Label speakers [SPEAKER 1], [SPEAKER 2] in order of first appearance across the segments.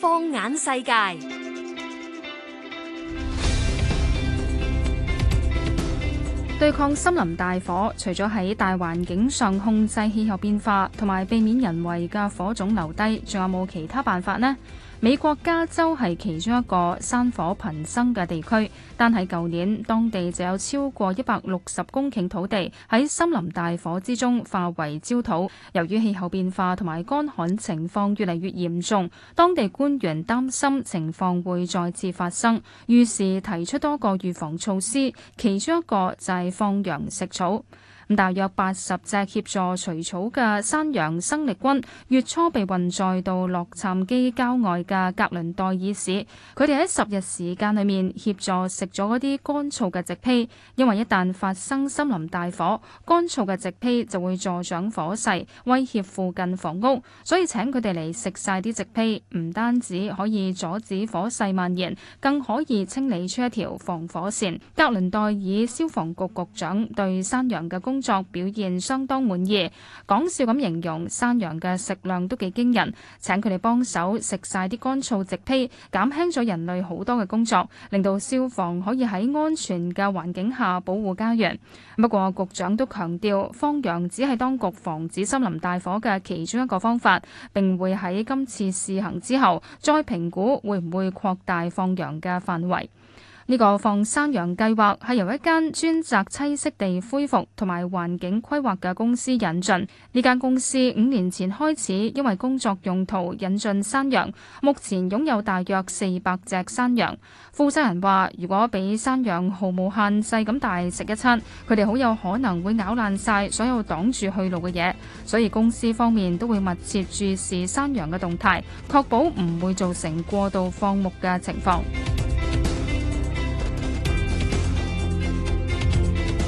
[SPEAKER 1] 放眼世界，對抗森林大火，除咗喺大環境上控制氣候變化，同埋避免人為嘅火種留低，仲有冇其他辦法呢？美國加州係其中一個山火頻生嘅地區，但係舊年當地就有超過一百六十公頃土地喺森林大火之中化為焦土。由於氣候變化同埋乾旱情況越嚟越嚴重，當地官員擔心情況會再次發生，於是提出多個預防措施，其中一個就係放羊食草。咁大約八十隻協助除草嘅山羊生力軍，月初被運載到洛杉磯郊外嘅格倫代爾市。佢哋喺十日時間裏面協助食咗嗰啲乾燥嘅植被，因為一旦發生森林大火，乾燥嘅植被就會助長火勢，威脅附近房屋，所以請佢哋嚟食晒啲植被。唔單止可以阻止火勢蔓延，更可以清理出一條防火線。格倫代爾消防局局長對山羊嘅工工作表現相當滿意，講笑咁形容山羊嘅食量都幾驚人，請佢哋幫手食晒啲乾燥植被，減輕咗人類好多嘅工作，令到消防可以喺安全嘅環境下保護家園。不過，局長都強調放羊只係當局防止森林大火嘅其中一個方法，並會喺今次試行之後再評估會唔會擴大放羊嘅範圍。呢、這個放山羊計劃係由一間專責棲息地恢復同埋環境規劃嘅公司引進。呢間公司五年前開始因為工作用途引進山羊，目前擁有大約四百隻山羊。負責人話：如果俾山羊毫無限制咁大食一餐，佢哋好有可能會咬爛晒所有擋住去路嘅嘢。所以公司方面都會密切注視山羊嘅動態，確保唔會造成過度放牧嘅情況。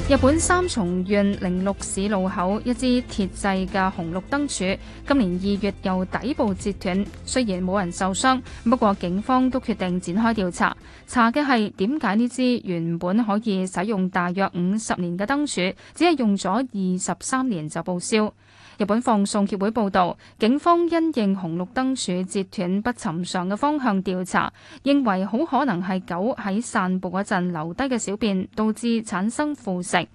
[SPEAKER 1] 日本三重縣零六市路口一支鐵製嘅紅綠燈柱，今年二月由底部折斷，雖然冇人受傷，不過警方都決定展開調查，查嘅係點解呢支原本可以使用大約五十年嘅燈柱，只係用咗二十三年就報銷。日本放送協會報導，警方因應紅綠燈柱折斷不尋常嘅方向調查，認為好可能係狗喺散步嗰陣留低嘅小便導致產生腐蝕。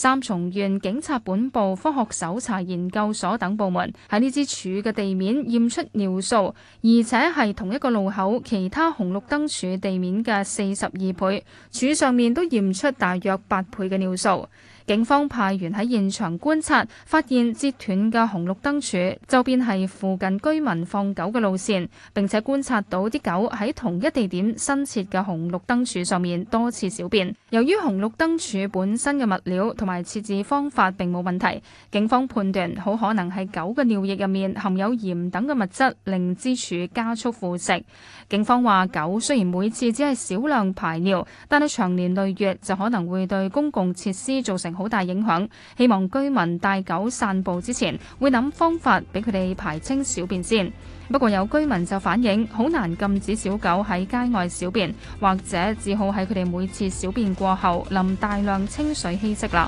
[SPEAKER 1] 三重縣警察本部、科學搜查研究所等部門喺呢支柱嘅地面驗出尿素，而且係同一個路口其他紅綠燈柱地面嘅四十二倍。柱上面都驗出大約八倍嘅尿素。警方派員喺現場觀察，發現折斷嘅紅綠燈柱周邊係附近居民放狗嘅路線，並且觀察到啲狗喺同一地點新設嘅紅綠燈柱上面多次小便。由於紅綠燈柱本身嘅物料同同埋設置方法並冇問題，警方判斷好可能係狗嘅尿液入面含有鹽等嘅物質，令支柱加速腐蝕。警方話，狗雖然每次只係少量排尿，但係長年累月就可能會對公共設施造成好大影響。希望居民帶狗散步之前會諗方法，俾佢哋排清小便先。不過有居民就反映，好難禁止小狗喺街外小便，或者只好喺佢哋每次小便過後淋大量清水稀釋啦。